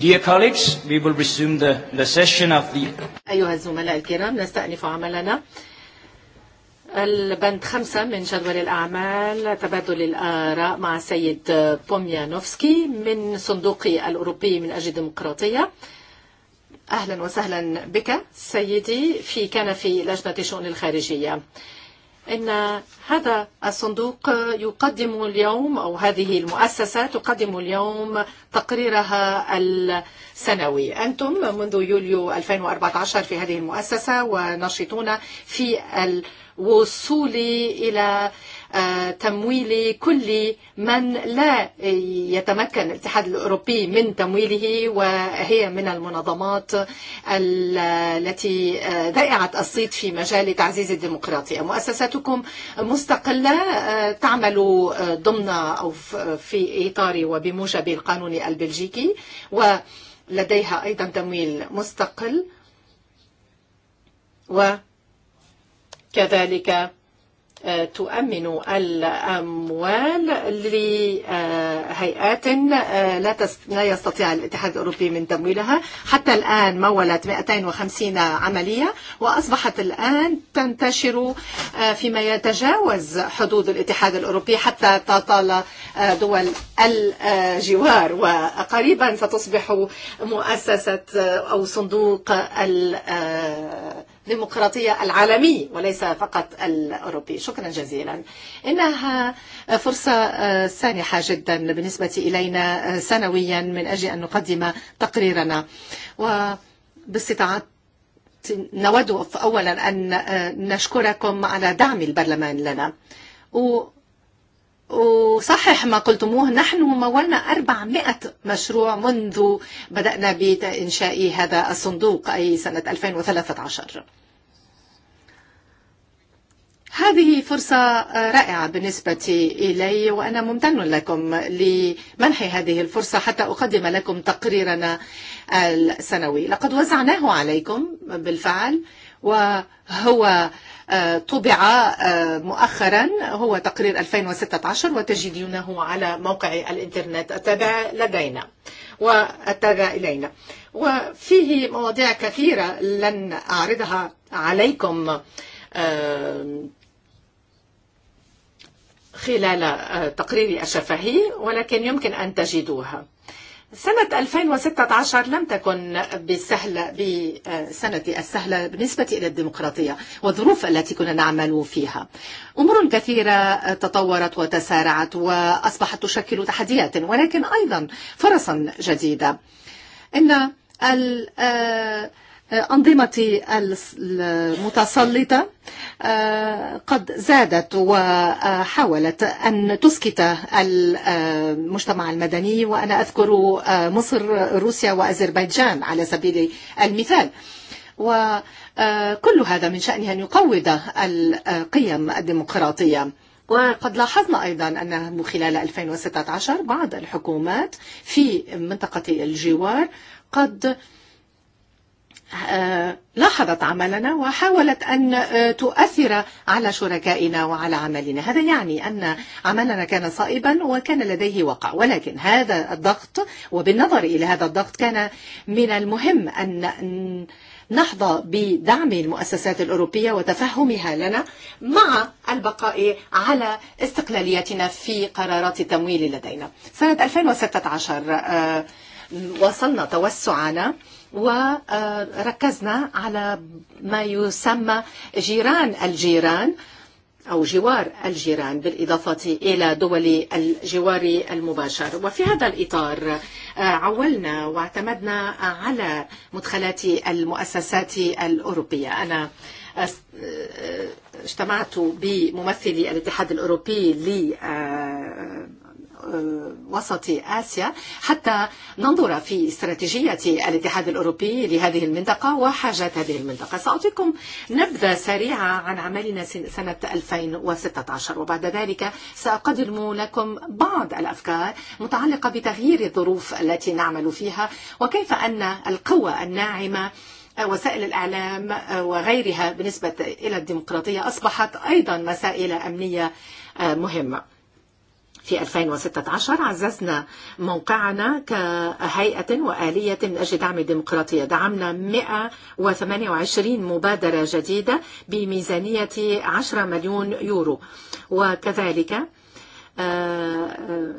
Dear colleagues, we will resume the, the session of the... zumala al-kiram, Al-band amalana. أيها الزملاء الكرام نستأنف عملنا البند خمسة من جدول الأعمال تبادل الآراء مع السيد بوميانوفسكي من صندوق الأوروبي Ahlan wa sahlan bika, Sayyidi, fi kana fi lajnati لجنة al-kharijiyya. أن هذا الصندوق يقدم اليوم أو هذه المؤسسة تقدم اليوم تقريرها السنوي أنتم منذ يوليو 2014 في هذه المؤسسة ونشطون في الوصول إلى تمويل كل من لا يتمكن الاتحاد الأوروبي من تمويله وهي من المنظمات التي ذائعة الصيت في مجال تعزيز الديمقراطية مؤسساتكم مستقلة تعمل ضمن أو في إطار وبموجب القانون البلجيكي ولديها أيضا تمويل مستقل وكذلك تؤمن الأموال لهيئات لا لا يستطيع الاتحاد الأوروبي من تمويلها حتى الآن مولت 250 عملية وأصبحت الآن تنتشر فيما يتجاوز حدود الاتحاد الأوروبي حتى تطال دول الجوار وقريبا ستصبح مؤسسة أو صندوق الديمقراطية العالمية وليس فقط الأوروبي شكرا جزيلا إنها فرصة سانحة جدا بالنسبة إلينا سنويا من أجل أن نقدم تقريرنا وباستطاعت نود أولا أن نشكركم على دعم البرلمان لنا و وصحح ما قلتموه نحن مولنا 400 مشروع منذ بدأنا بإنشاء هذا الصندوق أي سنة 2013 هذه فرصة رائعة بالنسبة إلي وأنا ممتن لكم لمنح هذه الفرصة حتى أقدم لكم تقريرنا السنوي لقد وزعناه عليكم بالفعل وهو طبع مؤخرا هو تقرير 2016 وتجدونه على موقع الإنترنت التابع لدينا والتابع إلينا وفيه مواضيع كثيرة لن أعرضها عليكم خلال تقرير الشفهي ولكن يمكن أن تجدوها سنة 2016 لم تكن بسهلة بسنة السهلة بالنسبة إلى الديمقراطية والظروف التي كنا نعمل فيها أمور كثيرة تطورت وتسارعت وأصبحت تشكل تحديات ولكن أيضا فرصا جديدة إن أنظمة المتسلطة قد زادت وحاولت أن تسكت المجتمع المدني وأنا أذكر مصر روسيا وأذربيجان على سبيل المثال وكل هذا من شأنه أن يقود القيم الديمقراطية وقد لاحظنا أيضا أنه خلال 2016 بعض الحكومات في منطقة الجوار قد آه لاحظت عملنا وحاولت أن تؤثر على شركائنا وعلى عملنا هذا يعني أن عملنا كان صائبا وكان لديه وقع ولكن هذا الضغط وبالنظر إلى هذا الضغط كان من المهم أن نحظى بدعم المؤسسات الأوروبية وتفهمها لنا مع البقاء على استقلاليتنا في قرارات التمويل لدينا سنة 2016 وصلنا توسعنا وركزنا على ما يسمى جيران الجيران أو جوار الجيران بالإضافة إلى دول الجوار المباشر وفي هذا الإطار عولنا واعتمدنا على مدخلات المؤسسات الأوروبية أنا اجتمعت بممثلي الاتحاد الأوروبي وسط آسيا حتى ننظر في استراتيجية الاتحاد الأوروبي لهذه المنطقة وحاجات هذه المنطقة سأعطيكم نبذة سريعة عن عملنا سنة 2016 وبعد ذلك سأقدم لكم بعض الأفكار متعلقة بتغيير الظروف التي نعمل فيها وكيف أن القوة الناعمة وسائل الإعلام وغيرها بالنسبة إلى الديمقراطية أصبحت أيضا مسائل أمنية مهمة في 2016 عززنا موقعنا كهيئة وآلية من أجل دعم الديمقراطية دعمنا 128 مبادرة جديدة بميزانية 10 مليون يورو وكذلك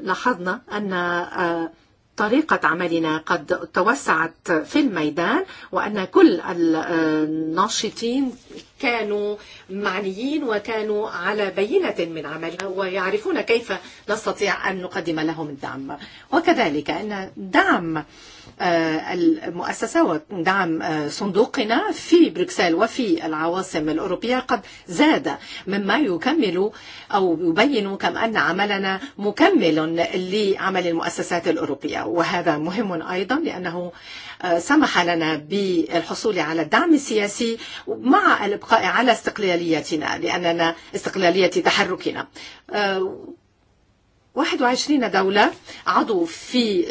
لاحظنا أن طريقة عملنا قد توسعت في الميدان وأن كل الناشطين كانوا معنيين وكانوا على بينة من عمل ويعرفون كيف نستطيع أن نقدم لهم الدعم وكذلك أن دعم المؤسسة ودعم صندوقنا في بروكسل وفي العواصم الأوروبية قد زاد مما يكمل أو يبين كم أن عملنا مكمل لعمل المؤسسات الأوروبية وهذا مهم أيضا لأنه سمح لنا بالحصول على الدعم السياسي مع الإبقاء على استقلاليتنا لأننا استقلالية تحركنا 21 دولة عضو في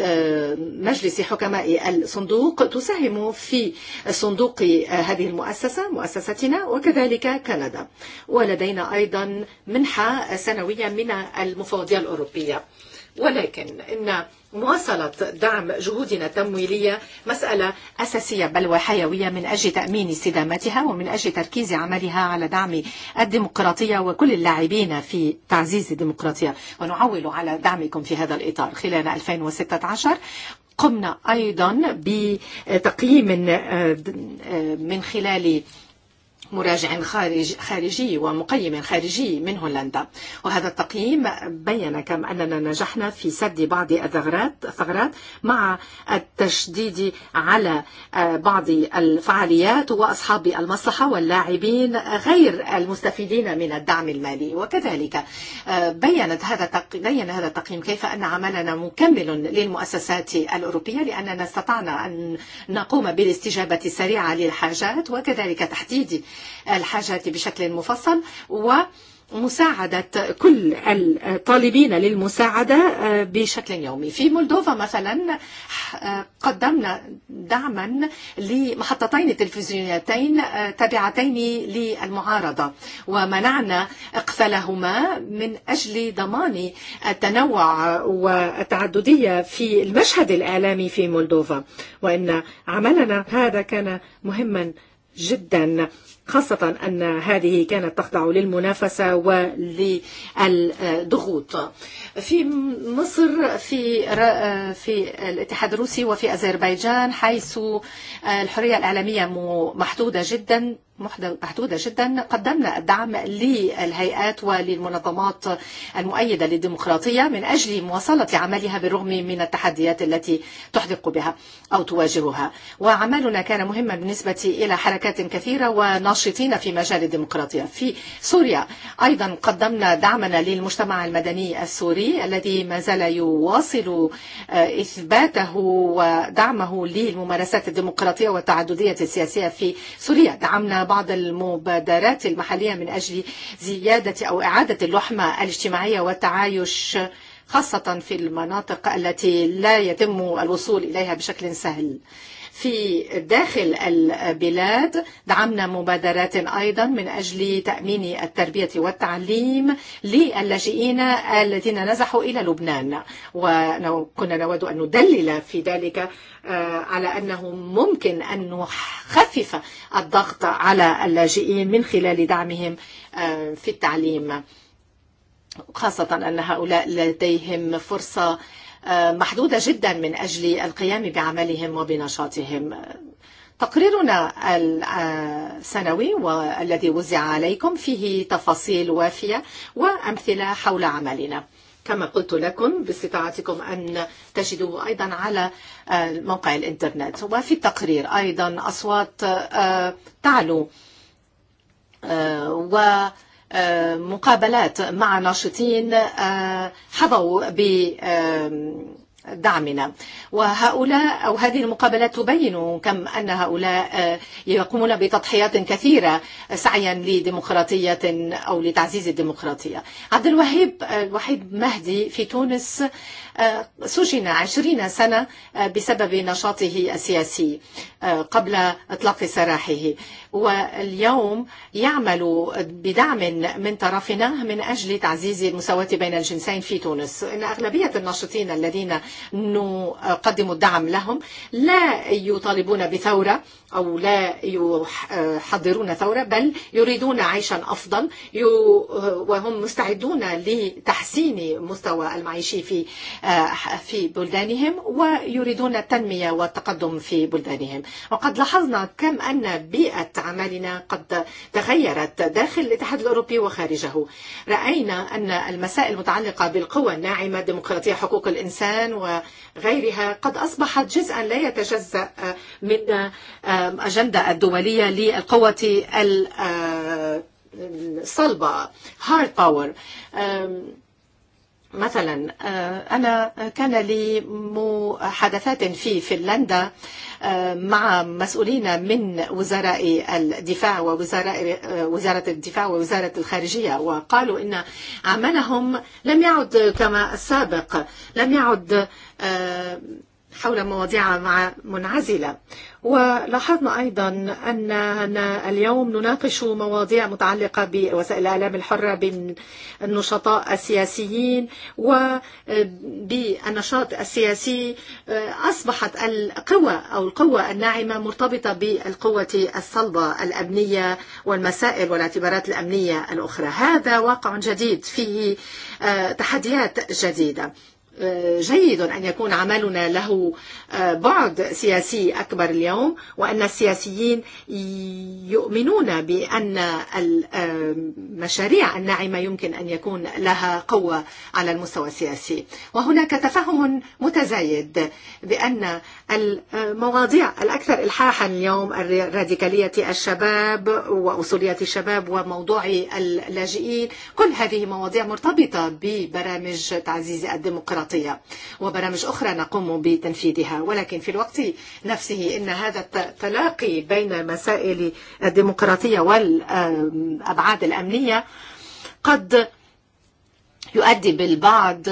مجلس حكماء الصندوق تساهم في صندوق هذه المؤسسة مؤسستنا وكذلك كندا ولدينا أيضا منحة سنوية من المفوضية الأوروبية ولكن إن مواصلة دعم جهودنا التمويلية مسألة أساسية بل وحيوية من أجل تأمين استدامتها ومن أجل تركيز عملها على دعم الديمقراطية وكل اللاعبين في تعزيز الديمقراطية ونعول على دعمكم في هذا الإطار خلال 2016 قمنا أيضا بتقييم من خلال مراجع خارج خارجي ومقيم خارجي من هولندا وهذا التقييم بين كم أننا نجحنا في سد بعض الثغرات ثغرات مع التشديد على بعض الفعاليات وأصحاب المصلحة واللاعبين غير المستفيدين من الدعم المالي وكذلك بينت هذا بين هذا التقييم كيف أن عملنا مكمل للمؤسسات الأوروبية لأننا استطعنا أن نقوم بالاستجابة السريعة للحاجات وكذلك تحديد الحاجات بشكل مفصل و مساعدة كل الطالبين للمساعدة بشكل يومي في مولدوفا مثلا قدمنا دعما لمحطتين تلفزيونيتين تابعتين للمعارضة ومنعنا إقفالهما من أجل ضمان التنوع والتعددية في المشهد الإعلامي في مولدوفا وإن عملنا هذا كان مهما جدا خاصة أن هذه كانت تخضع للمنافسة وللضغوط في مصر في في الاتحاد الروسي وفي أذربيجان حيث الحرية الإعلامية محدودة جدا محدوده جدا قدمنا الدعم للهيئات وللمنظمات المؤيده للديمقراطيه من اجل مواصله عملها بالرغم من التحديات التي تحدق بها او تواجهها وعملنا كان مهما بالنسبة إلى حركات كثيرة وناشطين في مجال الديمقراطية في سوريا أيضا قدمنا دعمنا للمجتمع المدني السوري الذي ما زال يواصل إثباته ودعمه للممارسات الديمقراطية والتعددية السياسية في سوريا دعمنا بعض المبادرات المحلية من أجل زيادة أو إعادة اللحمة الاجتماعية والتعايش خاصة في المناطق التي لا يتم الوصول إليها بشكل سهل. في داخل البلاد دعمنا مبادرات أيضا من أجل تأمين التربية والتعليم للاجئين الذين نزحوا إلى لبنان وكنا نود أن ندلل في ذلك على أنه ممكن أن نخفف الضغط على اللاجئين من خلال دعمهم في التعليم خاصة أن هؤلاء لديهم فرصة محدودة جدا من أجل القيام بعملهم وبنشاطهم تقريرنا السنوي والذي وزع عليكم فيه تفاصيل وافية وأمثلة حول عملنا كما قلت لكم باستطاعتكم أن تجدوا أيضا على موقع الإنترنت وفي التقرير أيضا أصوات تعلو و مقابلات مع ناشطين حظوا ب دعمنا وهؤلاء أو هذه المقابلات تبين كم أن هؤلاء يقومون بتضحيات كثيرة سعيا لديمقراطية أو لتعزيز الديمقراطية عبد الوهاب الوحيد مهدي في تونس سجن عشرين سنة بسبب نشاطه السياسي قبل إطلاق سراحه واليوم يعمل بدعم من طرفنا من أجل تعزيز المساواة بين الجنسين في تونس إن أغلبية الناشطين الذين نقدم الدعم لهم لا يطالبون بثورة أو لا يحضرون ثورة بل يريدون عيشا أفضل وهم مستعدون لتحسين مستوى المعيشي في في بلدانهم ويريدون التنمية والتقدم في بلدانهم وقد لاحظنا كم أن بيئة عملنا قد تغيرت داخل الاتحاد الأوروبي وخارجه رأينا أن المسائل المتعلقة بالقوى الناعمة ديمقراطية حقوق الإنسان وغيرها قد أصبحت جزءا لا يتجزأ من أجندة الدولية للقوة الصلبة hard power مثلا انا كان لي محادثات في فنلندا مع مسؤولين من وزراء الدفاع ووزراء وزارة الدفاع ووزارة الخارجية وقالوا إن عملهم لم يعد كما السابق لم يعد حول مواضيع منعزلة ولاحظنا أيضا أننا اليوم نناقش مواضيع متعلقة بوسائل الإعلام الحرة بالنشطاء السياسيين وبالنشاط السياسي أصبحت القوة أو القوة الناعمة مرتبطة بالقوة الصلبة الأمنية والمسائل والاعتبارات الأمنية الأخرى هذا واقع جديد فيه تحديات جديدة جيد أن يكون عملنا له بعد سياسي أكبر اليوم وأن السياسيين يؤمنون بأن المشاريع الناعمة يمكن أن يكون لها قوة على المستوى السياسي وهناك تفهم متزايد بأن المواضيع الأكثر إلحاحا اليوم الراديكالية الشباب وأصولية الشباب وموضوع اللاجئين كل هذه مواضيع مرتبطة ببرامج تعزيز الديمقراطية وبرامج أخرى نقوم بتنفيذها ولكن في الوقت نفسه إن هذا التلاقي بين مسائل الديمقراطية والأبعاد الأمنية قد يؤدي بالبعض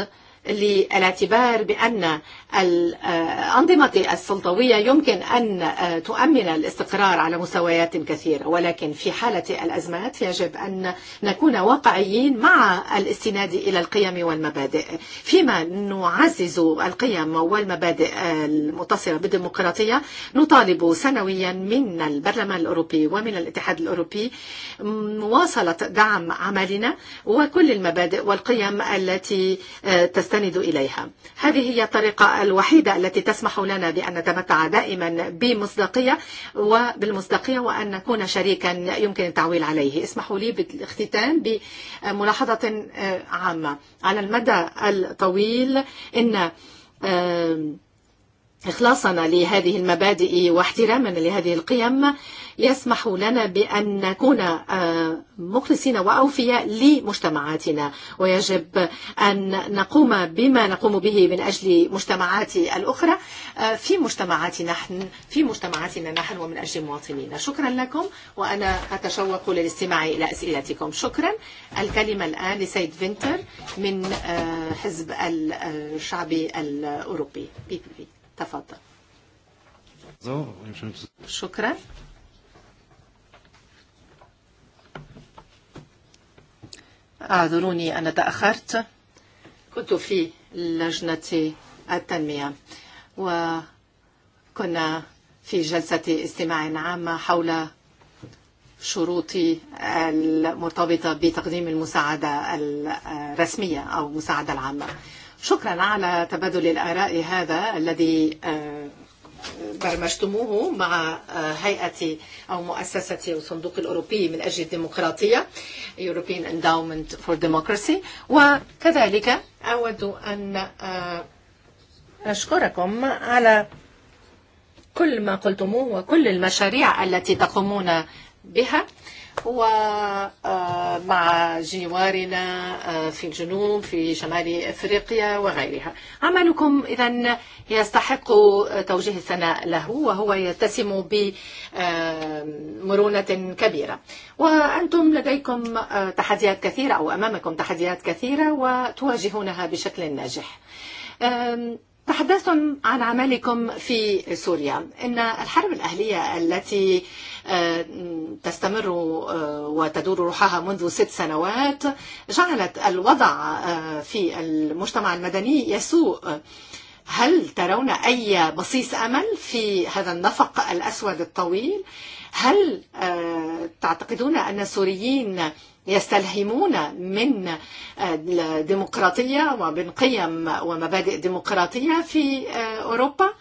للاعتبار بأن الأنظمة السلطوية يمكن أن تؤمن الاستقرار على مستويات كثيرة ولكن في حالة الأزمات يجب أن نكون واقعيين مع الاستناد إلى القيم والمبادئ فيما نعزز القيم والمبادئ المتصلة بالديمقراطية نطالب سنويا من البرلمان الأوروبي ومن الاتحاد الأوروبي مواصلة دعم عملنا وكل المبادئ والقيم التي تستمر نستند إليها هذه هي الطريقة الوحيدة التي تسمح لنا بأن نتمتع دائما بمصداقية وبالمصداقية وأن نكون شريكا يمكن التعويل عليه اسمحوا لي بالاختتام بملاحظة عامة على المدى الطويل إن إخلاصنا لهذه المبادئ واحترامنا لهذه القيم يسمح لنا بأن نكون مخلصين وأوفياء لمجتمعاتنا ويجب أن نقوم بما نقوم به من أجل مجتمعات الأخرى في مجتمعاتنا نحن في مجتمعاتنا نحن ومن أجل مواطنينا شكرا لكم وأنا أتشوق للاستماع إلى أسئلتكم شكرا الكلمة الآن لسيد فينتر من حزب الشعبي الأوروبي بي بي بي. تفضل شكرا أعذروني أنا تأخرت كنت في لجنة التنمية وكنا في جلسة استماع عامة حول شروط المرتبطة بتقديم المساعدة الرسمية أو المساعدة العامة شكرا على تبادل الآراء هذا الذي برمجتموه مع هيئة أو مؤسسة الصندوق الأوروبي من أجل الديمقراطية European Endowment for Democracy وكذلك أود أن أشكركم على كل ما قلتموه وكل المشاريع التي تقومون بها ومع جوارنا في الجنوب في شمال افريقيا وغيرها. عملكم اذا يستحق توجيه الثناء له وهو يتسم بمرونه كبيره. وانتم لديكم تحديات كثيره او امامكم تحديات كثيره وتواجهونها بشكل ناجح. تحدثتم عن عملكم في سوريا ان الحرب الاهليه التي تستمر وتدور روحها منذ ست سنوات جعلت الوضع في المجتمع المدني يسوء هل ترون أي بصيص أمل في هذا النفق الأسود الطويل؟ هل تعتقدون أن السوريين يستلهمون من الديمقراطية ومن قيم ومبادئ ديمقراطية في أوروبا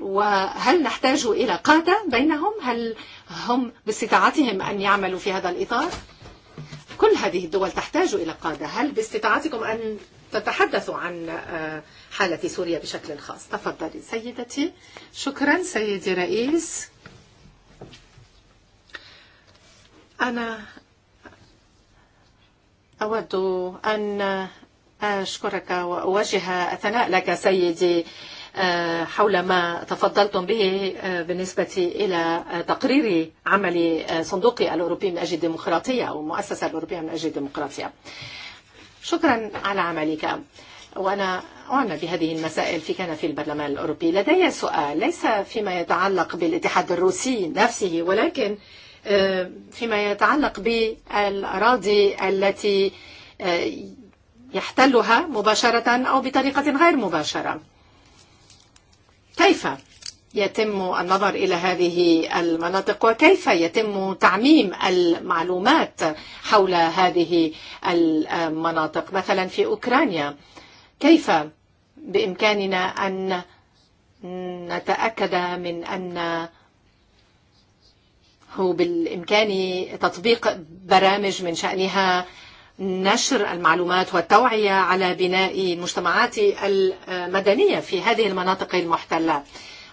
وهل نحتاج إلى قادة بينهم هل هم باستطاعتهم أن يعملوا في هذا الإطار كل هذه الدول تحتاج إلى قادة هل باستطاعتكم أن تتحدثوا عن حالة سوريا بشكل خاص تفضلي سيدتي شكرا سيدي رئيس أنا أود أن أشكرك وأوجه الثناء لك سيدي حول ما تفضلتم به بالنسبة إلى تقرير عمل صندوق الأوروبي من أجل الديمقراطية أو المؤسسة الأوروبية من أجل الديمقراطية شكرا على عملك وأنا أعنى بهذه المسائل في كان في البرلمان الأوروبي لدي سؤال ليس فيما يتعلق بالاتحاد الروسي نفسه ولكن آه فيما يتعلق بالأراضي التي يحتلها مباشرة أو بطريقة غير مباشرة كيف يتم النظر إلى هذه المناطق وكيف يتم تعميم المعلومات حول هذه المناطق مثلا في أوكرانيا كيف بإمكاننا أن نتأكد من أن هو وبالإمكان تطبيق برامج من شأنها نشر المعلومات والتوعية على بناء المجتمعات المدنية في هذه المناطق المحتلة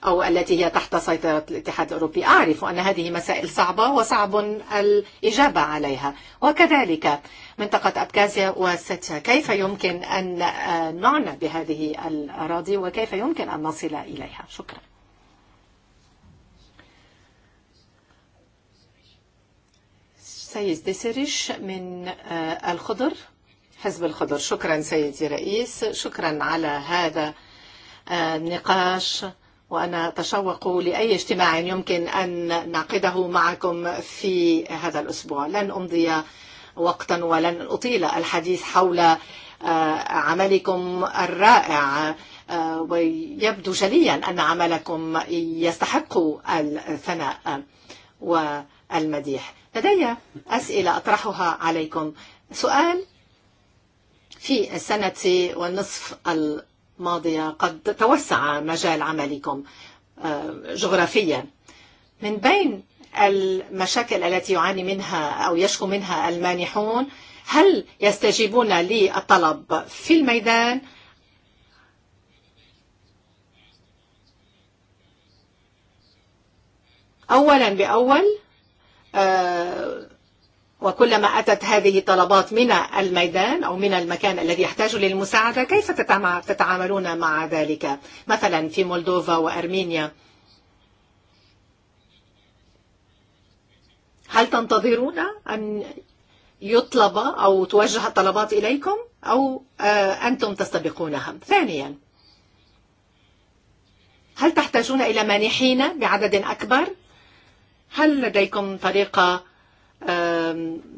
أو التي هي تحت سيطرة الاتحاد الأوروبي أعرف أن هذه مسائل صعبة وصعب الإجابة عليها وكذلك منطقة أبكازيا وستيا كيف يمكن أن نعنى بهذه الأراضي وكيف يمكن أن نصل إليها شكراً سيد دسرش من الخضر حزب الخضر شكرا سيدي رئيس شكرا على هذا النقاش وأنا تشوق لأي اجتماع يمكن أن نعقده معكم في هذا الأسبوع لن أمضي وقتا ولن أطيل الحديث حول عملكم الرائع ويبدو جليا أن عملكم يستحق الثناء والمديح لدي أسئلة أطرحها عليكم سؤال في السنة والنصف الماضية قد توسع مجال عملكم جغرافيا من بين المشاكل التي يعاني منها أو يشكو منها المانحون هل يستجيبون للطلب في الميدان أولا بأول وكلما أتت هذه الطلبات من الميدان أو من المكان الذي يحتاج للمساعدة كيف تتعاملون مع ذلك مثلا في مولدوفا وأرمينيا هل تنتظرون أن يطلب أو توجه الطلبات إليكم أو أنتم تستبقونها ثانيا هل تحتاجون إلى مانحين بعدد أكبر هل لديكم طريقة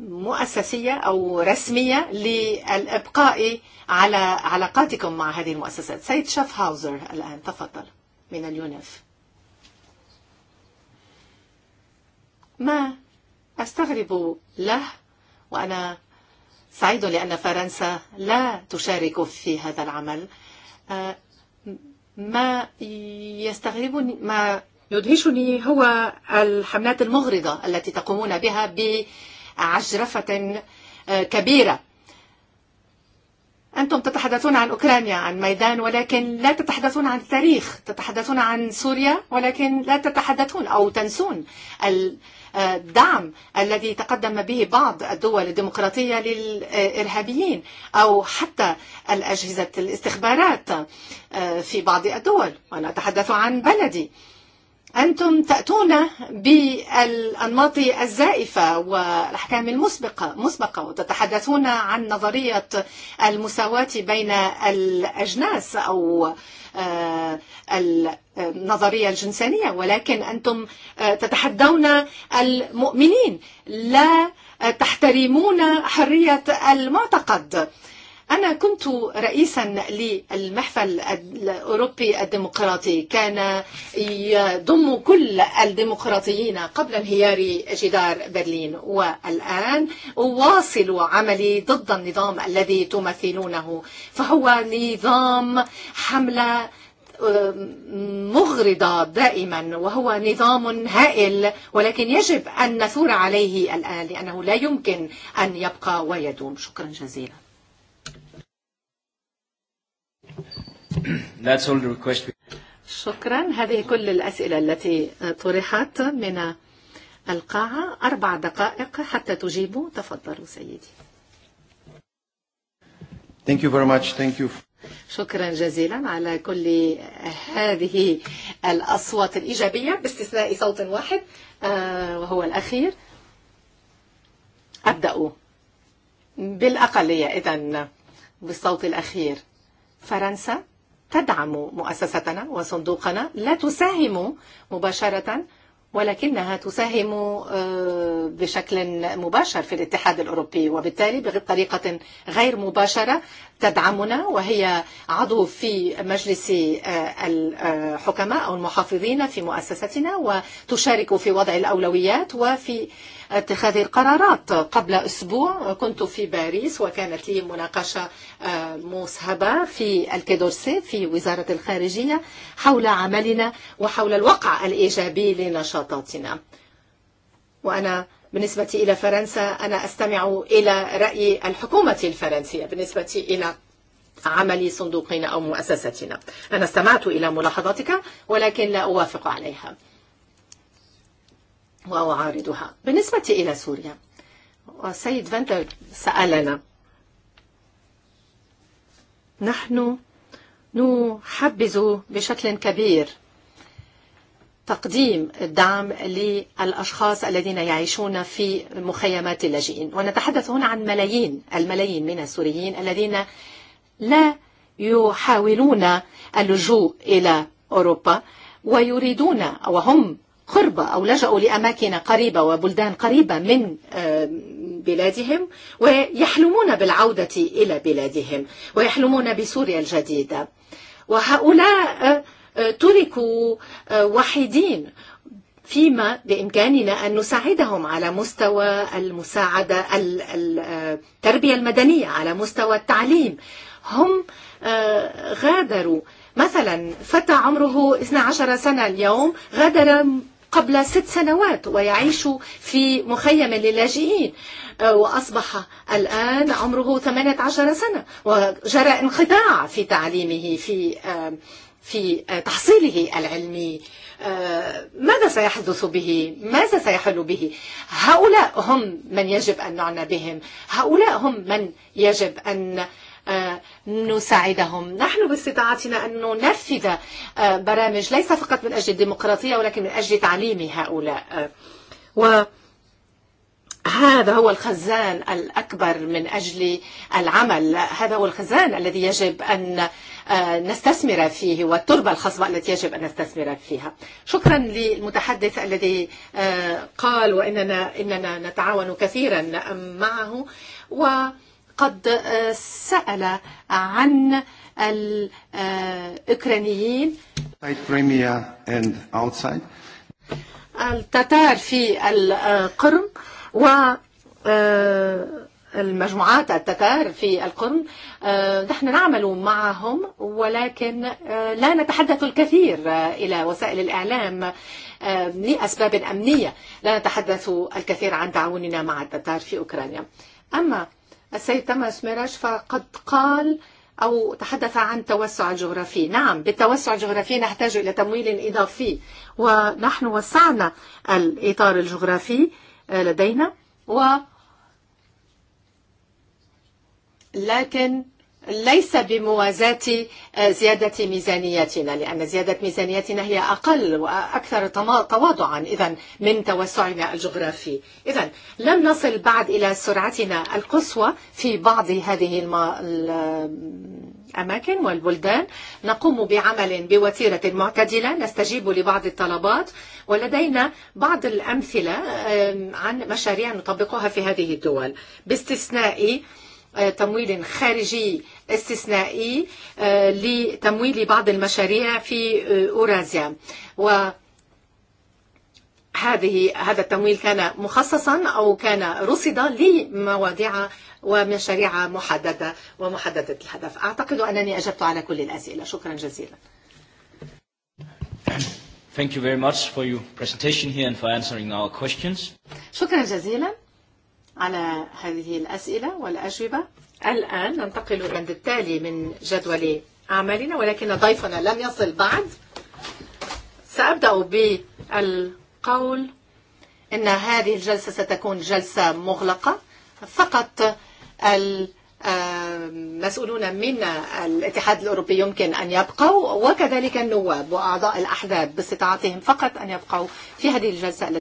مؤسسية أو رسمية للإبقاء على علاقاتكم مع هذه المؤسسات سيد شاف هاوزر الآن تفضل من اليونيف ما أستغرب له وأنا سعيد لأن فرنسا لا تشارك في هذا العمل ما يستغربني ما يدهشني هو الحملات المغرضة التي تقومون بها بعجرفة كبيرة أنتم تتحدثون عن أوكرانيا عن ميدان ولكن لا تتحدثون عن التاريخ تتحدثون عن سوريا ولكن لا تتحدثون أو تنسون الدعم الذي تقدم به بعض الدول الديمقراطية للإرهابيين أو حتى الأجهزة الاستخبارات في بعض الدول وأنا أتحدث عن بلدي أنتم تأتون بالأنماط الزائفة والأحكام المسبقة مسبقة وتتحدثون عن نظرية المساواة بين الأجناس أو النظرية الجنسانية ولكن أنتم تتحدون المؤمنين لا تحترمون حرية المعتقد أنا كنت رئيسا للمحفل الأوروبي الديمقراطي كان يضم كل الديمقراطيين قبل انهيار جدار برلين والآن أواصل عملي ضد النظام الذي تمثلونه فهو نظام حملة مغرضة دائما وهو نظام هائل ولكن يجب أن نثور عليه الآن لأنه لا يمكن أن يبقى ويدوم شكرا جزيلا That's all the request. شكرا هذه كل الأسئلة التي طرحت من القاعة أربع دقائق حتى تجيبوا تفضلوا سيدي Thank you very much. Thank you. شكرا جزيلا على كل هذه الأصوات الإيجابية باستثناء صوت واحد وهو الأخير أبدأ بالأقلية إذن بالصوت الأخير فرنسا تدعم مؤسستنا وصندوقنا لا تساهم مباشرة ولكنها تساهم بشكل مباشر في الاتحاد الأوروبي وبالتالي بطريقة غير مباشرة تدعمنا وهي عضو في مجلس الحكماء أو المحافظين في مؤسستنا وتشارك في وضع الأولويات وفي اتخاذ القرارات قبل أسبوع كنت في باريس وكانت لي مناقشة مصهبة في الكيدورسي في وزارة الخارجية حول عملنا وحول الوقع الإيجابي لنشاطاتنا وأنا بالنسبة إلى فرنسا أنا أستمع إلى رأي الحكومة الفرنسية بالنسبة إلى عمل صندوقنا أو مؤسستنا أنا استمعت إلى ملاحظاتك ولكن لا أوافق عليها وأعارضها بالنسبة إلى سوريا والسيد فندر سألنا نحن نحبز بشكل كبير تقديم الدعم للأشخاص الذين يعيشون في مخيمات اللاجئين ونتحدث هنا عن ملايين الملايين من السوريين الذين لا يحاولون اللجوء إلى أوروبا ويريدون وهم قرب أو لجأوا لأماكن قريبة وبلدان قريبة من بلادهم ويحلمون بالعودة إلى بلادهم ويحلمون بسوريا الجديدة وهؤلاء تركوا وحيدين فيما بإمكاننا أن نساعدهم على مستوى المساعدة التربية المدنية على مستوى التعليم هم غادروا مثلا فتى عمره 12 سنة اليوم غادر قبل ست سنوات ويعيش في مخيم للاجئين وأصبح الآن عمره 18 سنة وجرى انخداع في تعليمه في في تحصيله العلمي ماذا سيحدث به ماذا سيحل به هؤلاء هم من يجب أن نعنى بهم هؤلاء هم من يجب أن نساعدهم نحن باستطاعتنا أن ننفذ برامج ليس فقط من أجل الديمقراطية ولكن من أجل تعليم هؤلاء و هذا هو الخزان الأكبر من أجل العمل هذا هو الخزان الذي يجب أن نستثمر فيه والتربة الخصبة التي يجب أن نستثمر فيها شكرا للمتحدث الذي قال وإننا إننا نتعاون كثيرا معه وقد سأل عن الأوكرانيين التتار في القرم والمجموعات التتار في القرن نحن نعمل معهم ولكن لا نتحدث الكثير إلى وسائل الإعلام لأسباب أمنية لا نتحدث الكثير عن تعاوننا مع التتار في أوكرانيا أما السيد تماس ميراش فقد قال أو تحدث عن توسع جغرافي نعم بالتوسع الجغرافي نحتاج إلى تمويل إضافي ونحن وسعنا الإطار الجغرافي لدينا و لكن ليس بموازاة زيادة ميزانيتنا لأن زيادة ميزانيتنا هي أقل وأكثر تواضعا إذا من توسعنا الجغرافي إذا لم نصل بعد إلى سرعتنا القصوى في بعض هذه الم... الأماكن والبلدان نقوم بعمل بوتيرة معتدلة نستجيب لبعض الطلبات ولدينا بعض الأمثلة عن مشاريع نطبقها في هذه الدول باستثناء تمويل خارجي استثنائي لتمويل بعض المشاريع في أوراسيا و هذه هذا التمويل كان مخصصا او كان رصد لمواضيع ومشاريع محددة ومحددة الهدف اعتقد انني اجبت على كل الاسئله شكرا جزيلا Thank you very much for your presentation here and for answering our questions. شكرا جزيلا على هذه الأسئلة والأجوبة الآن ننتقل إلى التالي من جدول أعمالنا ولكن ضيفنا لم يصل بعد سأبدأ بالقول أن هذه الجلسة ستكون جلسة مغلقة فقط المسؤولون من الاتحاد الأوروبي يمكن أن يبقوا وكذلك النواب وأعضاء الأحزاب باستطاعتهم فقط أن يبقوا في هذه الجلسة